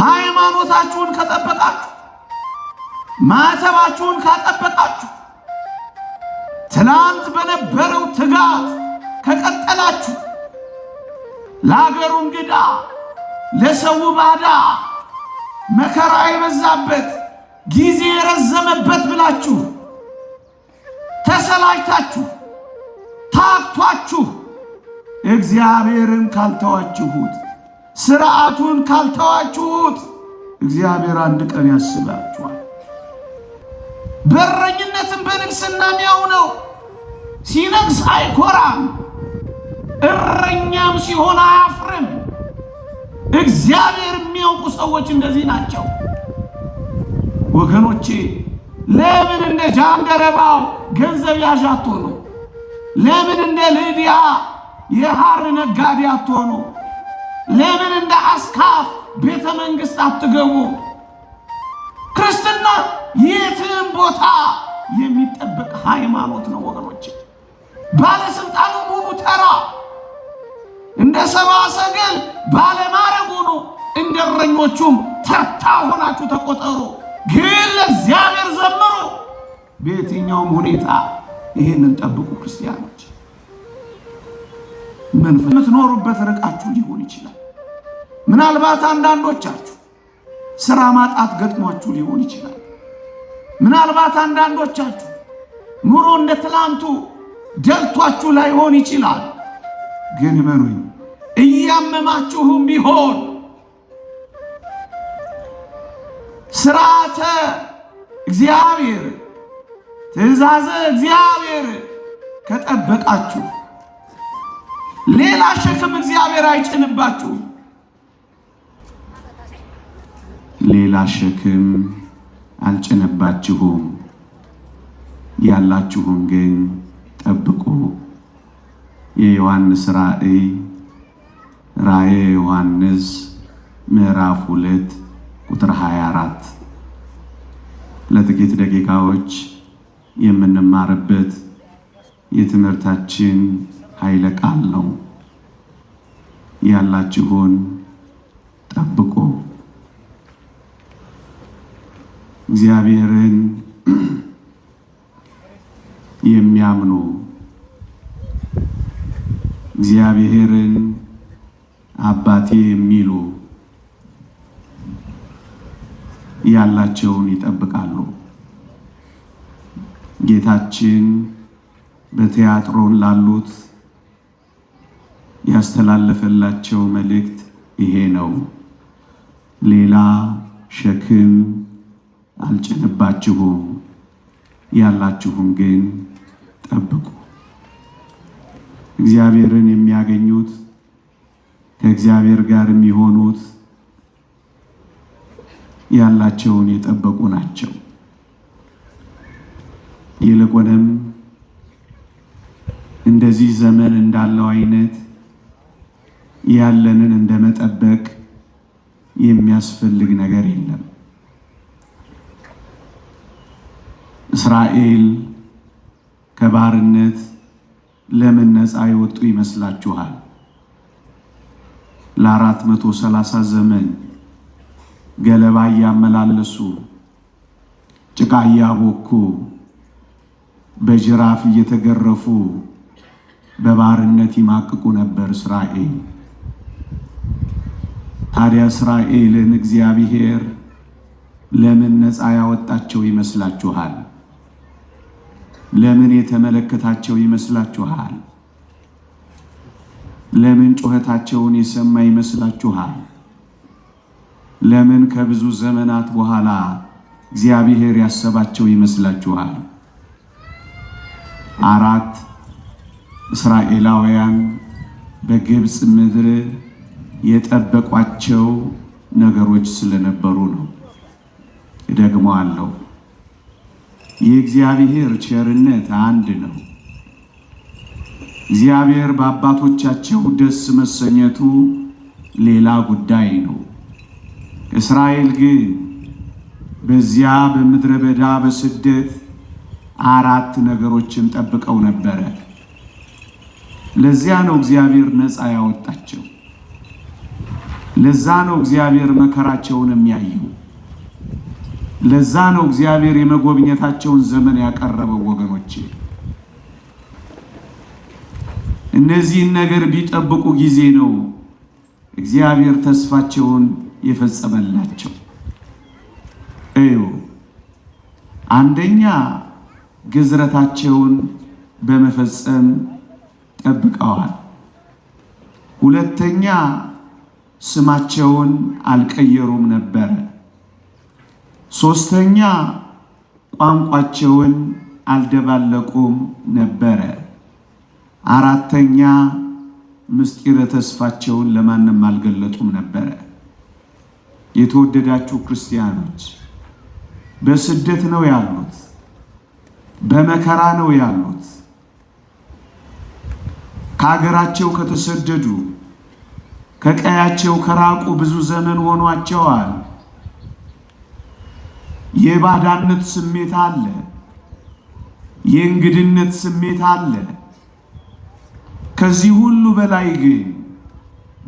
ሃይማኖታችሁን ከጠበቃችሁ ማዕተባችሁን ካጠበቃችሁ ትናንት በነበረው ትጋት ከቀጠላችሁ ለአገሩ እንግዳ ለሰው ባዳ መከራ የበዛበት ጊዜ የረዘመበት ብላችሁ ተሰላጅታችሁ ታክቷችሁ እግዚአብሔርን ካልተዋችሁት ስርዓቱን ካልተዋችሁት እግዚአብሔር አንድ ቀን ያስባችኋል። በረኝነትን በንግስና ሚያው ነው። ሲነግስ አይኮራም፣ እረኛም ሲሆን አያፍርም። እግዚአብሔር የሚያውቁ ሰዎች እንደዚህ ናቸው ወገኖቼ። ለምን እንደ ጃንደረባው ገንዘብ ያዣቶ ነው? ለምን እንደ ልድያ የሐር ነጋዴ አትሆኑ? ለምን እንደ አስካፍ ቤተ መንግሥት አትገቡ? ክርስትና የትም ቦታ የሚጠበቅ ሃይማኖት ነው ወገኖች። ባለስልጣኑ ሁሉ ተራ እንደ ሰብአ ሰገል ባለማረግ ሁኑ፣ እንደ እረኞቹም ተርታ ሆናችሁ ተቆጠሩ፣ ግን ለእግዚአብሔር ዘምሩ። በየትኛውም ሁኔታ ይህንን ጠብቁ ክርስቲያኖች። መንፈስ የምትኖሩበት ርቃችሁ ሊሆን ይችላል። ምናልባት አንዳንዶቻችሁ ስራ ማጣት ገጥሟችሁ ሊሆን ይችላል። ምናልባት አንዳንዶቻችሁ ኑሮ እንደ ትላንቱ ደልቷችሁ ላይሆን ይችላል። ግን መኑኝ እያመማችሁም ቢሆን ስርዓተ እግዚአብሔር ትእዛዘ እግዚአብሔር ከጠበቃችሁ ሌላ ሸክም እግዚአብሔር አይጭንባችሁም። ሌላ ሸክም አልጨነባችሁም። ያላችሁን ግን ጠብቁ። የዮሐንስ ራእይ ራእየ ዮሐንስ ምዕራፍ ሁለት ቁጥር 24 ለጥቂት ደቂቃዎች የምንማርበት የትምህርታችን ኃይለ ቃል ነው። ያላችሁን ጠብቁ። እግዚአብሔርን የሚያምኑ እግዚአብሔርን አባቴ የሚሉ ያላቸውን ይጠብቃሉ። ጌታችን በቲያጥሮን ላሉት ያስተላለፈላቸው መልእክት ይሄ ነው። ሌላ ሸክም አልጭንባችሁም፣ ያላችሁም ግን ጠብቁ። እግዚአብሔርን የሚያገኙት ከእግዚአብሔር ጋር የሚሆኑት ያላቸውን የጠበቁ ናቸው። ይልቁንም እንደዚህ ዘመን እንዳለው አይነት ያለንን እንደመጠበቅ የሚያስፈልግ ነገር የለም። እስራኤል ከባርነት ለምን ነፃ የወጡ ይመስላችኋል? ለአራት መቶ ሰላሳ ዘመን ገለባ እያመላለሱ ጭቃ እያቦኩ በጅራፍ እየተገረፉ በባርነት ይማቅቁ ነበር እስራኤል። ታዲያ እስራኤልን እግዚአብሔር ለምን ነፃ ያወጣቸው ይመስላችኋል? ለምን የተመለከታቸው ይመስላችኋል? ለምን ጩኸታቸውን የሰማ ይመስላችኋል? ለምን ከብዙ ዘመናት በኋላ እግዚአብሔር ያሰባቸው ይመስላችኋል? አራት እስራኤላውያን በግብፅ ምድር የጠበቋቸው ነገሮች ስለነበሩ ነው። እደግመዋለሁ። የእግዚአብሔር ቸርነት አንድ ነው። እግዚአብሔር በአባቶቻቸው ደስ መሰኘቱ ሌላ ጉዳይ ነው። እስራኤል ግን በዚያ በምድረ በዳ በስደት አራት ነገሮችን ጠብቀው ነበረ። ለዚያ ነው እግዚአብሔር ነፃ ያወጣቸው። ለዛ ነው እግዚአብሔር መከራቸውን የሚያየው። ለዛ ነው እግዚአብሔር የመጎብኘታቸውን ዘመን ያቀረበው። ወገኖቼ እነዚህን ነገር ቢጠብቁ ጊዜ ነው እግዚአብሔር ተስፋቸውን የፈጸመላቸው። እዩ አንደኛ ግዝረታቸውን በመፈጸም ጠብቀዋል። ሁለተኛ ስማቸውን አልቀየሩም ነበረ። ሶስተኛ ቋንቋቸውን አልደባለቁም ነበረ። አራተኛ ምስጢረ ተስፋቸውን ለማንም አልገለጡም ነበረ። የተወደዳችሁ ክርስቲያኖች በስደት ነው ያሉት፣ በመከራ ነው ያሉት። ከሀገራቸው ከተሰደዱ ከቀያቸው ከራቁ ብዙ ዘመን ሆኗቸዋል። የባዳነት ስሜት አለ፣ የእንግድነት ስሜት አለ። ከዚህ ሁሉ በላይ ግን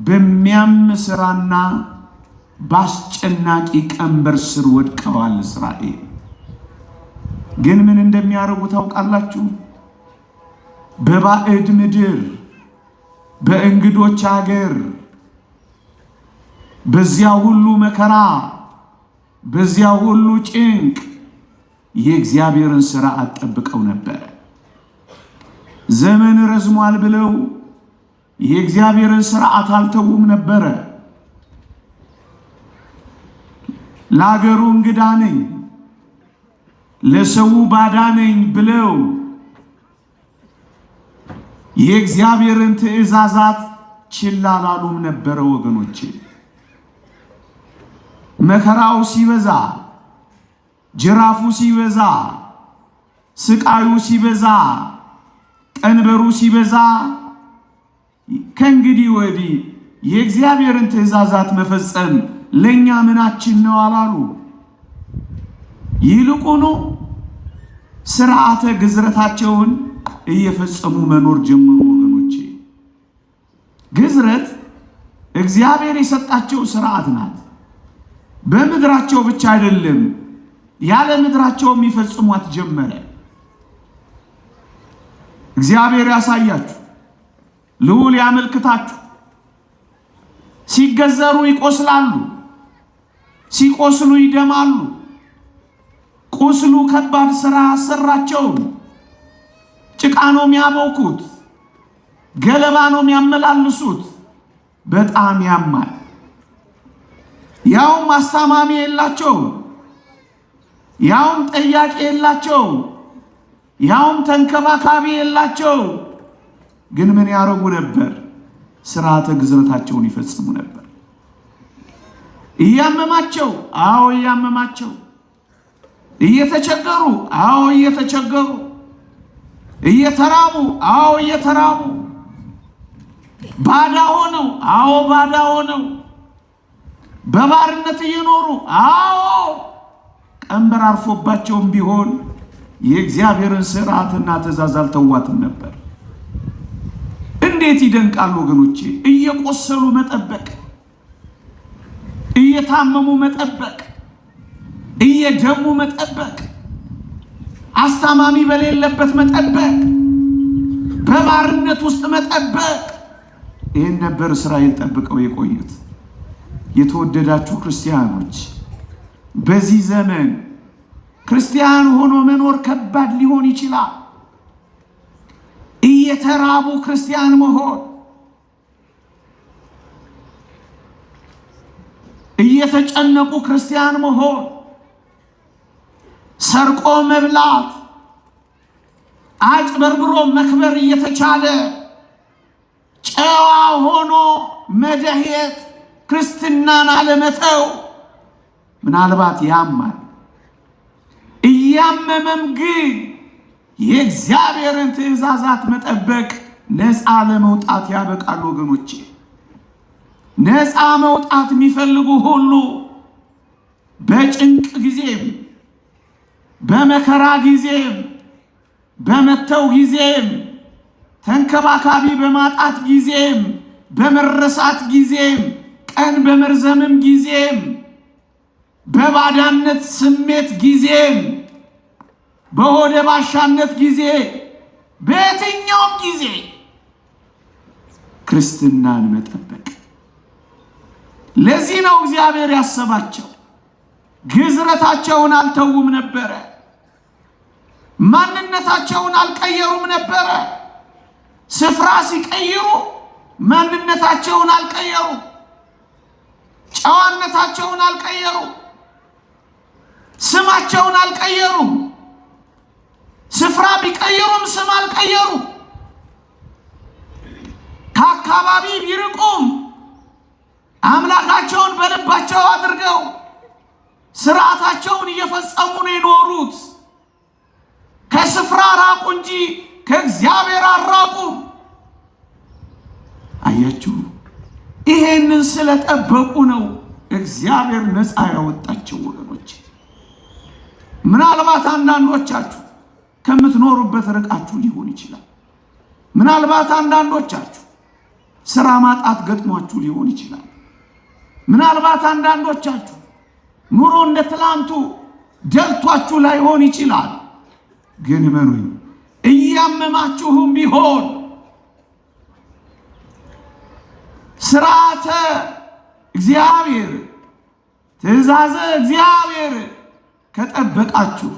በሚያም ስራና በአስጨናቂ ቀንበር ስር ወድቀዋል። እስራኤል ግን ምን እንደሚያደርጉ ታውቃላችሁ? በባዕድ ምድር በእንግዶች አገር በዚያ ሁሉ መከራ በዚያ ሁሉ ጭንቅ የእግዚአብሔርን ሥራ አጠብቀው ነበረ። ዘመን ረዝሟል ብለው የእግዚአብሔርን ሥርዓት አልተውም ነበረ። ለአገሩ እንግዳ ነኝ፣ ለሰው ባዳ ነኝ ብለው የእግዚአብሔርን ትእዛዛት ችላ ነበረ ወገኖቼ። መከራው ሲበዛ፣ ጅራፉ ሲበዛ፣ ስቃዩ ሲበዛ፣ ቀንበሩ ሲበዛ ከእንግዲህ ወዲህ የእግዚአብሔርን ትእዛዛት መፈጸም ለእኛ ምናችን ነው አላሉ። ይልቁኑ ስርዓተ ግዝረታቸውን እየፈጸሙ መኖር ጀምሩ ወገኖቼ ግዝረት እግዚአብሔር የሰጣቸው ስርዓት ናት። በምድራቸው ብቻ አይደለም፣ ያለ ምድራቸው የሚፈጽሟት ጀመረ። እግዚአብሔር ያሳያችሁ፣ ልዑል ያመልክታችሁ። ሲገዘሩ ይቆስላሉ፣ ሲቆስሉ ይደማሉ። ቁስሉ ከባድ ስራ አሰራቸውም። ጭቃ ነው የሚያቦኩት፣ ገለባ ነው የሚያመላልሱት። በጣም ያማል። ያውም አስታማሚ የላቸው፣ ያውም ጠያቂ የላቸው፣ ያውም ተንከባካቢ የላቸው። ግን ምን ያረጉ ነበር? ስርዓተ ግዝረታቸውን ይፈጽሙ ነበር። እያመማቸው፣ አዎ እያመማቸው፣ እየተቸገሩ፣ አዎ እየተቸገሩ፣ እየተራቡ፣ አዎ እየተራቡ፣ ባዳ ሆነው፣ አዎ ባዳ ሆነው በባርነት እየኖሩ አዎ ቀንበር አርፎባቸውም ቢሆን የእግዚአብሔርን ስርዓትና ትእዛዝ አልተዋትም ነበር። እንዴት ይደንቃል ወገኖቼ! እየቆሰሉ መጠበቅ፣ እየታመሙ መጠበቅ፣ እየደሙ መጠበቅ፣ አስታማሚ በሌለበት መጠበቅ፣ በባርነት ውስጥ መጠበቅ። ይህን ነበር እስራኤል ጠብቀው የቆዩት። የተወደዳችሁ ክርስቲያኖች በዚህ ዘመን ክርስቲያን ሆኖ መኖር ከባድ ሊሆን ይችላል። እየተራቡ ክርስቲያን መሆን፣ እየተጨነቁ ክርስቲያን መሆን፣ ሰርቆ መብላት፣ አጭበርብሮ መክበር እየተቻለ ጨዋ ሆኖ መደሄት ክርስትናን አለመተው ምናልባት ያማል። እያመመም ግን የእግዚአብሔርን ትእዛዛት መጠበቅ ነፃ ለመውጣት ያበቃሉ። ወገኖቼ ነፃ መውጣት የሚፈልጉ ሁሉ በጭንቅ ጊዜም፣ በመከራ ጊዜም፣ በመተው ጊዜም፣ ተንከባካቢ በማጣት ጊዜም፣ በመረሳት ጊዜም ቀን በመርዘምም ጊዜም በባዳነት ስሜት ጊዜም በሆደ ባሻነት ጊዜ በየትኛውም ጊዜ ክርስትናን መጠበቅ። ለዚህ ነው እግዚአብሔር ያሰባቸው። ግዝረታቸውን አልተውም ነበረ። ማንነታቸውን አልቀየሩም ነበረ። ስፍራ ሲቀይሩ ማንነታቸውን አልቀየሩም። ጨዋነታቸውን አልቀየሩ፣ ስማቸውን አልቀየሩ። ስፍራ ቢቀየሩም ስም አልቀየሩ። ከአካባቢ ቢርቁም አምላካቸውን በልባቸው አድርገው ስርዓታቸውን እየፈጸሙ ነው የኖሩት። ከስፍራ ራቁ እንጂ ከእግዚአብሔር አራቁ። አያችሁ። ይሄንን ስለጠበቁ ነው እግዚአብሔር ነፃ ያወጣቸው ወገኖች። ምናልባት አንዳንዶቻችሁ ከምትኖሩበት ርቃችሁ ሊሆን ይችላል። ምናልባት አንዳንዶቻችሁ ስራ ማጣት ገጥሟችሁ ሊሆን ይችላል። ምናልባት አንዳንዶቻችሁ ኑሮ እንደ ትላንቱ ደልቷችሁ ላይሆን ይችላል። ግን እመኑኝ እያመማችሁም ቢሆን ስርዓተ እግዚአብሔር ትእዛዘ እግዚአብሔር ከጠበቃችሁ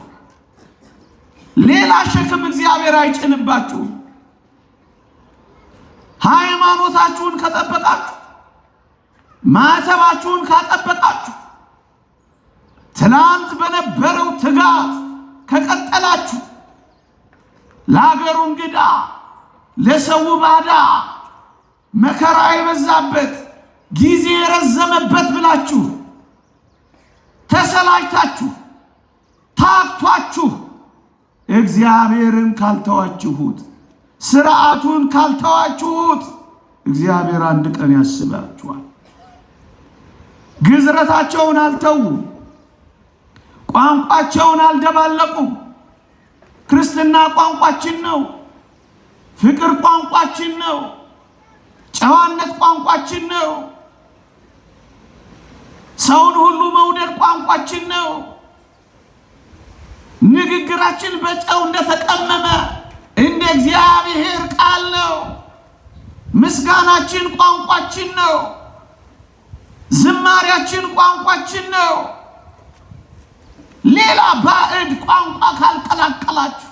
ሌላ ሸክም እግዚአብሔር አይጭንባችሁም። ሃይማኖታችሁን ከጠበቃችሁ፣ ማዕተባችሁን ካጠበቃችሁ፣ ትናንት በነበረው ትጋት ከቀጠላችሁ፣ ለአገሩ እንግዳ ለሰው ባዳ መከራ የበዛበት ጊዜ የረዘመበት ብላችሁ ተሰላጅታችሁ ታክቷችሁ እግዚአብሔርን ካልተዋችሁት ስርዓቱን ካልተዋችሁት እግዚአብሔር አንድ ቀን ያስባችኋል። ግዝረታቸውን አልተውም። ቋንቋቸውን አልደባለቁም። ክርስትና ቋንቋችን ነው። ፍቅር ቋንቋችን ነው። ጨዋነት ቋንቋችን ነው። ሰውን ሁሉ መውደድ ቋንቋችን ነው። ንግግራችን በጨው እንደተቀመመ እንደ እግዚአብሔር ቃል ነው። ምስጋናችን ቋንቋችን ነው። ዝማሪያችን ቋንቋችን ነው። ሌላ ባዕድ ቋንቋ ካልቀላቀላችሁ፣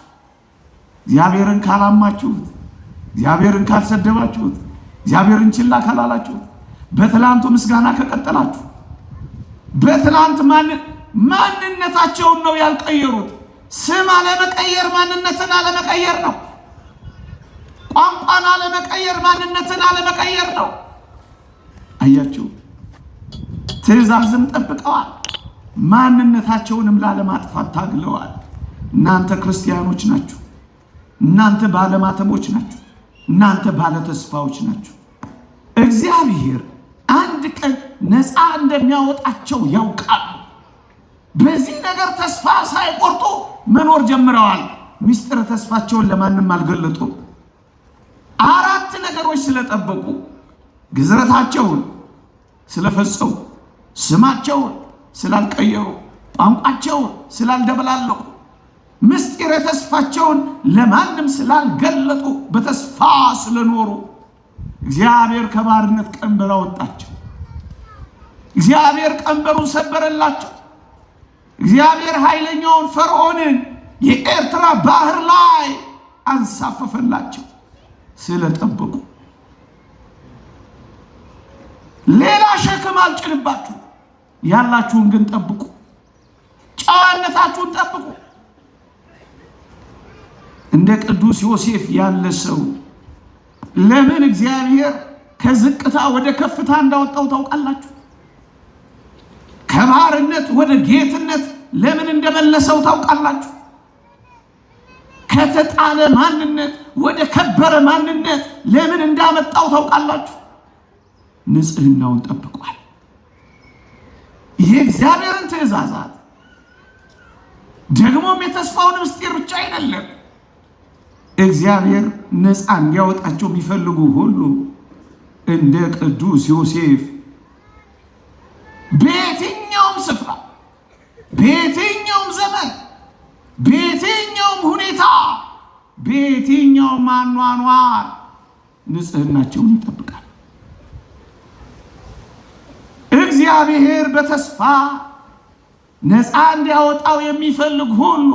እግዚአብሔርን ካላማችሁት፣ እግዚአብሔርን ካልሰደባችሁት እግዚአብሔርን ችላ ካላላችሁ፣ በትላንቱ ምስጋና ከቀጠላችሁ፣ በትላንት ማንነታቸውን ነው ያልቀየሩት። ስም አለመቀየር ማንነትን አለመቀየር ነው። ቋንቋን አለመቀየር ማንነትን አለመቀየር ነው። አያችሁ፣ ትዕዛዝም ጠብቀዋል። ማንነታቸውንም ላለማጥፋት ታግለዋል። እናንተ ክርስቲያኖች ናችሁ። እናንተ ባለማተሞች ናችሁ። እናንተ ባለተስፋዎች ናችሁ። እግዚአብሔር አንድ ቀን ነፃ እንደሚያወጣቸው ያውቃሉ። በዚህ ነገር ተስፋ ሳይቆርጡ መኖር ጀምረዋል። ሚስጥር ተስፋቸውን ለማንም አልገለጡም። አራት ነገሮች ስለጠበቁ፣ ግዝረታቸውን ስለፈጸሙ፣ ስማቸውን ስላልቀየሩ፣ ቋንቋቸውን ስላልደበላለቁ፣ ምስጢረ ተስፋቸውን ለማንም ስላልገለጡ በተስፋ ስለኖሩ እግዚአብሔር ከባርነት ቀንበር አወጣቸው። እግዚአብሔር ቀንበሩን ሰበረላቸው። እግዚአብሔር ኃይለኛውን ፈርዖንን የኤርትራ ባህር ላይ አንሳፈፈላቸው ስለጠበቁ። ሌላ ሸክም አልጭንባችሁ፣ ያላችሁን ግን ጠብቁ። ጨዋነታችሁን ጠብቁ። እንደ ቅዱስ ዮሴፍ ያለ ሰው ለምን እግዚአብሔር ከዝቅታ ወደ ከፍታ እንዳወጣው ታውቃላችሁ? ከባርነት ወደ ጌትነት ለምን እንደመለሰው ታውቃላችሁ? ከተጣለ ማንነት ወደ ከበረ ማንነት ለምን እንዳመጣው ታውቃላችሁ? ንጽህናውን ጠብቋል። የእግዚአብሔርን ትእዛዛት ደግሞም የተስፋውን ምስጢር ብቻ አይደለም እግዚአብሔር ነፃ እንዲያወጣቸው የሚፈልጉ ሁሉ እንደ ቅዱስ ዮሴፍ በየትኛውም ስፍራ፣ በየትኛውም ዘመን፣ በየትኛውም ሁኔታ፣ በየትኛውም አኗኗር ንጽህናቸውን ይጠብቃል። እግዚአብሔር በተስፋ ነፃ እንዲያወጣው የሚፈልግ ሁሉ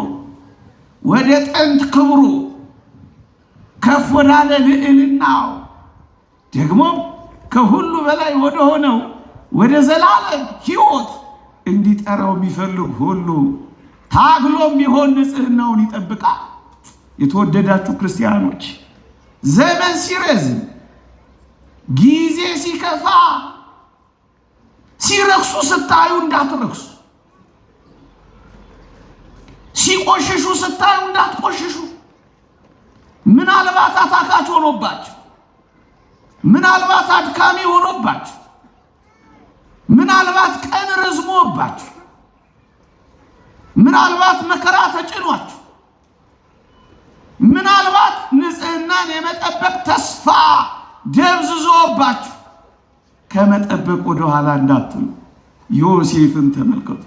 ወደ ጥንት ክብሩ ከፍ ወዳለ ልዕልናው ደግሞም ከሁሉ በላይ ወደ ሆነው ወደ ዘላለም ሕይወት እንዲጠራው የሚፈልግ ሁሉ ታግሎም ቢሆን ንጽህናውን ይጠብቃል። የተወደዳችሁ ክርስቲያኖች ዘመን ሲረዝም፣ ጊዜ ሲከፋ፣ ሲረክሱ ስታዩ እንዳትረክሱ፣ ሲቆሽሹ ስታዩ እንዳትቆሽሹ ምናልባት አታካች ሆኖባችሁ፣ ምናልባት አድካሚ ሆኖባችሁ፣ ምናልባት ቀን ረዝሞባችሁ፣ ምናልባት መከራ ተጭኗችሁ፣ ምናልባት ንጽሕናን የመጠበቅ ተስፋ ደብዝዞባችሁ ከመጠበቅ ወደኋላ እንዳትሉ ዮሴፍን ተመልከቱ።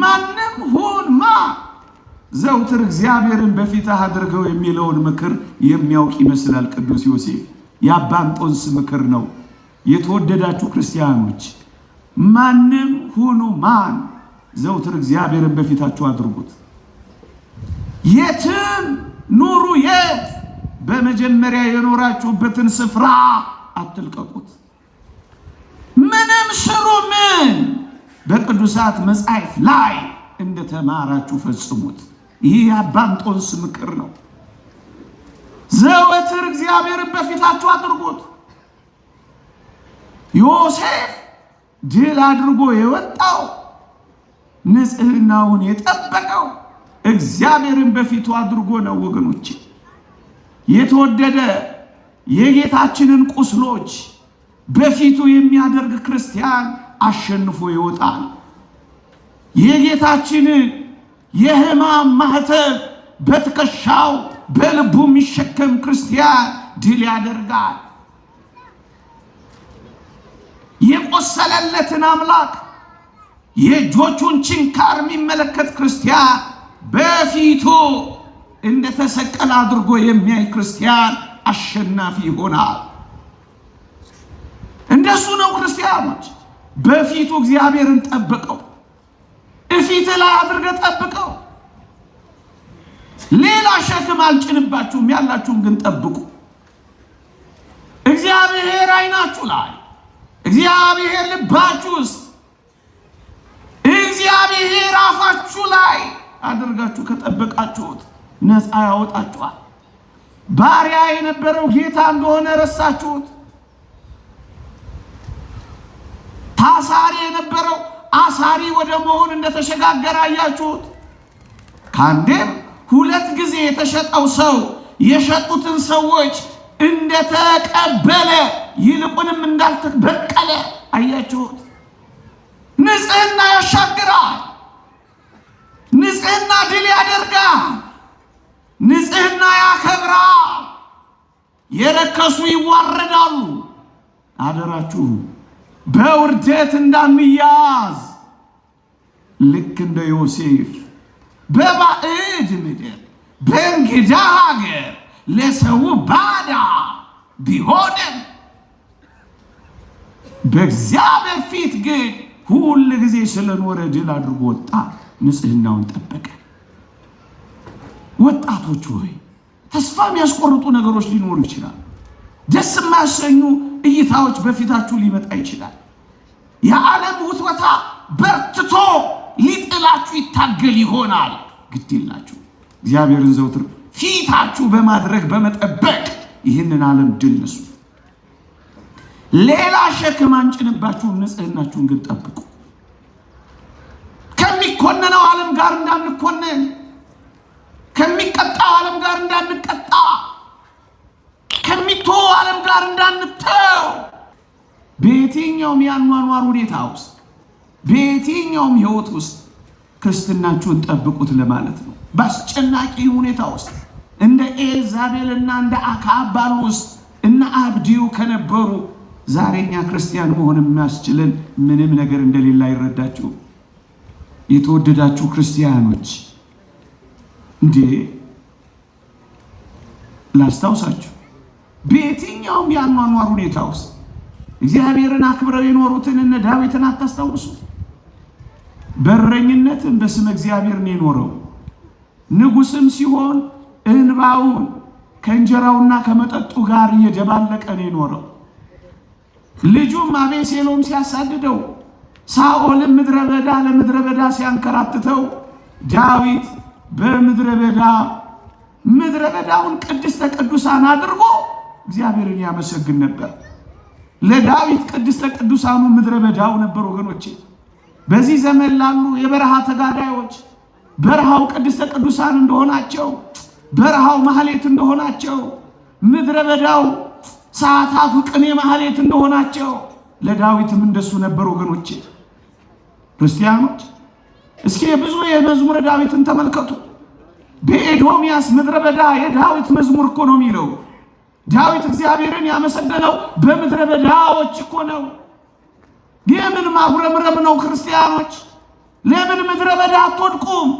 ማንም ሁን ማ ዘውትር እግዚአብሔርን በፊትህ አድርገው የሚለውን ምክር የሚያውቅ ይመስላል ቅዱስ ዮሴፍ። የአባንጦንስ ምክር ነው። የተወደዳችሁ ክርስቲያኖች ማንም ሁኑ ማን ዘውትር እግዚአብሔርን በፊታችሁ አድርጉት። የትም ኑሩ የት በመጀመሪያ የኖራችሁበትን ስፍራ አትልቀቁት። ምንም ስሩ ምን በቅዱሳት መጻሕፍት ላይ እንደተማራችሁ ፈጽሙት። ይህ የአባንጦንስ ምክር ነው። ዘወትር እግዚአብሔርን በፊታችሁ አድርጎት። ዮሴፍ ድል አድርጎ የወጣው ንጽህናውን የጠበቀው እግዚአብሔርን በፊቱ አድርጎ ነው። ወገኖች የተወደደ የጌታችንን ቁስሎች በፊቱ የሚያደርግ ክርስቲያን አሸንፎ ይወጣል። የጌታችንን የህማም ማህተብ በትከሻው በልቡ የሚሸከም ክርስቲያን ድል ያደርጋል። የቆሰለለትን አምላክ የእጆቹን ችንካር የሚመለከት ክርስቲያን በፊቱ እንደተሰቀለ አድርጎ የሚያይ ክርስቲያን አሸናፊ ይሆናል። እንደሱ ነው ክርስቲያኖች። በፊቱ እግዚአብሔርን ጠብቀው ፊት ላይ አድርገ ጠብቀው። ሌላ ሸክም አልጭንባችሁም፣ ያላችሁን ግን ጠብቁ። እግዚአብሔር አይናችሁ ላይ፣ እግዚአብሔር ልባችሁ ውስጥ፣ እግዚአብሔር አፋችሁ ላይ አድርጋችሁ ከጠበቃችሁት ነፃ ያወጣችኋል። ባሪያ የነበረው ጌታ እንደሆነ ረሳችሁት። ታሳሪ የነበረው አሳሪ ወደ መሆን እንደተሸጋገረ አያችሁት። ከአንዴም ሁለት ጊዜ የተሸጠው ሰው የሸጡትን ሰዎች እንደተቀበለ ይልቁንም እንዳልተበቀለ አያችሁት። ንጽህና ያሻግራል። ንጽህና ድል ያደርጋል። ንጽህና ያከብራ የረከሱ ይዋረዳሉ። አደራችሁ በውርደት እንዳንያዝ ልክ እንደ ዮሴፍ በባዕድ ምድር በእንግዳ ሀገር ለሰው ባዳ ቢሆንም በእግዚአብሔር ፊት ግን ሁል ጊዜ ስለኖረ ድል አድርጎ ወጣ፣ ንጽህናውን ጠበቀ። ወጣቶች ሆይ ተስፋ የሚያስቆርጡ ነገሮች ሊኖሩ ይችላል። ደስ የማያሰኙ እይታዎች በፊታችሁ ሊመጣ ይችላል። የዓለም ውትወታ በርትቶ ጠላችሁ ይታገል ይሆናል። ግድ የላችሁ እግዚአብሔርን ዘውትር ፊታችሁ በማድረግ በመጠበቅ ይህንን ዓለም ድል ንሱ። ሌላ ሸክም አንጭንባችሁ፣ ንጽህናችሁን ግን ጠብቁ። ከሚኮነነው ዓለም ጋር እንዳንኮነን፣ ከሚቀጣው ዓለም ጋር እንዳንቀጣ፣ ከሚቶ ዓለም ጋር እንዳንተው በየትኛውም የአኗኗር ሁኔታ ውስጥ በየትኛውም ህይወት ውስጥ ክርስትናችሁን ጠብቁት ለማለት ነው። በአስጨናቂ ሁኔታ ውስጥ እንደ ኤልዛቤል እና እንደ አክዓብ ባሉ ውስጥ እና አብዲው ከነበሩ ዛሬኛ ክርስቲያን መሆን የሚያስችልን ምንም ነገር እንደሌለ አይረዳችሁ። የተወደዳችሁ ክርስቲያኖች እንዴ ላስታውሳችሁ፣ በየትኛውም የአኗኗር ሁኔታ ውስጥ እግዚአብሔርን አክብረው የኖሩትን እነ ዳዊትን አታስታውሱ? በረኝነትም በስመ እግዚአብሔር ነው የኖረው። ንጉሥም ሲሆን እንባውን ከእንጀራውና ከመጠጡ ጋር እየደባለቀ ነው የኖረው። ልጁም አቤሴሎም ሲያሳድደው፣ ሳኦልም ምድረ በዳ ለምድረ በዳ ሲያንከራትተው፣ ዳዊት በምድረ በዳ ምድረ በዳውን ቅድስተ ቅዱሳን አድርጎ እግዚአብሔርን ያመሰግን ነበር። ለዳዊት ቅድስተ ቅዱሳኑ ምድረ በዳው ነበር ወገኖቼ። በዚህ ዘመን ላሉ የበረሃ ተጋዳዮች በረሃው ቅድስተ ቅዱሳን እንደሆናቸው በረሃው ማህሌት እንደሆናቸው ምድረ በዳው ሰዓታቱ ቅኔ ማህሌት እንደሆናቸው ለዳዊትም እንደሱ ነበር። ወገኖቼ ክርስቲያኖች፣ እስኪ ብዙ የመዝሙረ ዳዊትን ተመልከቱ። በኤዶምያስ ምድረ በዳ የዳዊት መዝሙር እኮ ነው የሚለው ዳዊት እግዚአብሔርን ያመሰገነው በምድረ በዳዎች እኮ ነው። የምን ማጉረምረም ነው? ክርስቲያኖች ለምን ምድረ በዳ አትወድቁም?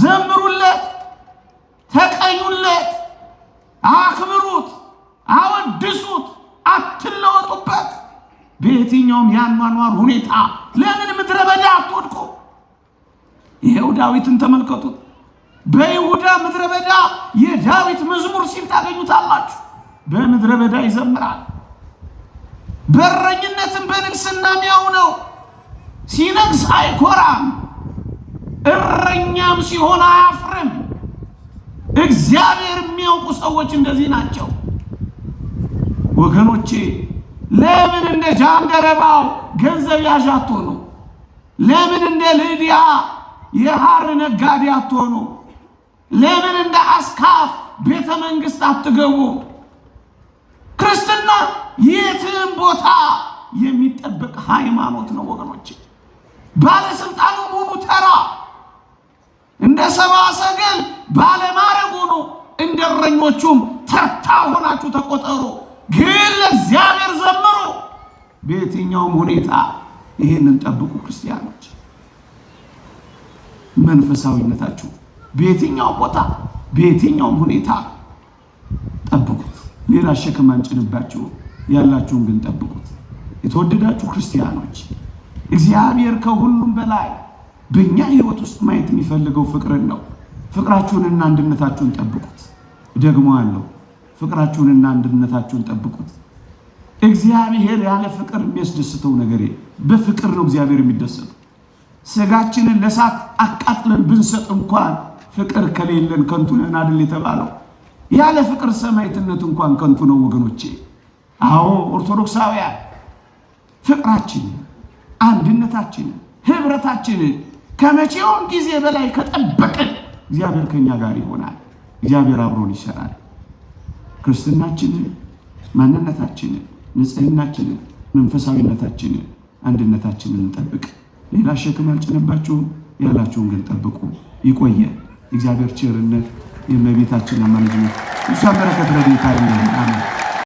ዘምሩለት፣ ተቀኙለት፣ አክብሩት፣ አወድሱት፣ አትለወጡበት። በየትኛውም የአኗኗር ሁኔታ ለምን ምድረ በዳ አትወድቁም? ይኸው ዳዊትን ተመልከቱት። በይሁዳ ምድረ በዳ የዳዊት መዝሙር ሲል ታገኙታላችሁ። በምድረ በዳ ይዘምራል። በረኝነትን በንግስና ያው ነው። ሲነግስ አይኮራም፣ እረኛም ሲሆን አያፍርም። እግዚአብሔር የሚያውቁ ሰዎች እንደዚህ ናቸው ወገኖቼ። ለምን እንደ ጃንደረባው ገንዘብ ያዥ አትሆኑ? ለምን እንደ ልድያ የሐር ነጋዴ አትሆኑ? ለምን እንደ አስካፍ ቤተ መንግስት አትገቡ? ክርስትና ይህ ነው ወገኖች። ባለስልጣኑ ሙሉ ተራ እንደ ሰባ ሰገል ባለማረግ ሆኖ እንደ እረኞቹም ተርታ ሆናችሁ ተቆጠሩ፣ ግን ለእግዚአብሔር ዘምሩ። በየትኛውም ሁኔታ ይህንን ጠብቁ ክርስቲያኖች፣ መንፈሳዊነታችሁ በየትኛውም ቦታ በየትኛውም ሁኔታ ጠብቁት። ሌላ ሸክም አንጭንባችሁ፣ ያላችሁን ግን ጠብቁት። የተወደዳችሁ ክርስቲያኖች እግዚአብሔር ከሁሉም በላይ በእኛ ህይወት ውስጥ ማየት የሚፈልገው ፍቅርን ነው። ፍቅራችሁንና አንድነታችሁን ጠብቁት። ደግሞ አለው ፍቅራችሁንና አንድነታችሁን ጠብቁት። እግዚአብሔር ያለ ፍቅር የሚያስደስተው ነገር በፍቅር ነው እግዚአብሔር የሚደሰተው። ስጋችንን ለእሳት አቃጥለን ብንሰጥ እንኳን ፍቅር ከሌለን ከንቱ ነን አይደል የተባለው። ያለ ፍቅር ሰማዕትነት እንኳን ከንቱ ነው ወገኖቼ። አዎ ኦርቶዶክሳውያን ፍቅራችን አንድነታችንን ህብረታችንን ከመቼውም ጊዜ በላይ ከጠበቅን እግዚአብሔር ከኛ ጋር ይሆናል። እግዚአብሔር አብሮን ይሰራል። ክርስትናችንን፣ ማንነታችንን፣ ንጽህናችንን፣ መንፈሳዊነታችንን፣ አንድነታችንን እንጠብቅ። ሌላ ሸክም አልጭንባችሁም ያላችሁን ግን ጠብቁ። ይቆየ እግዚአብሔር ቸርነት የእመቤታችን አማላጅነት እሷ በረከት ረድኤታ አሜን።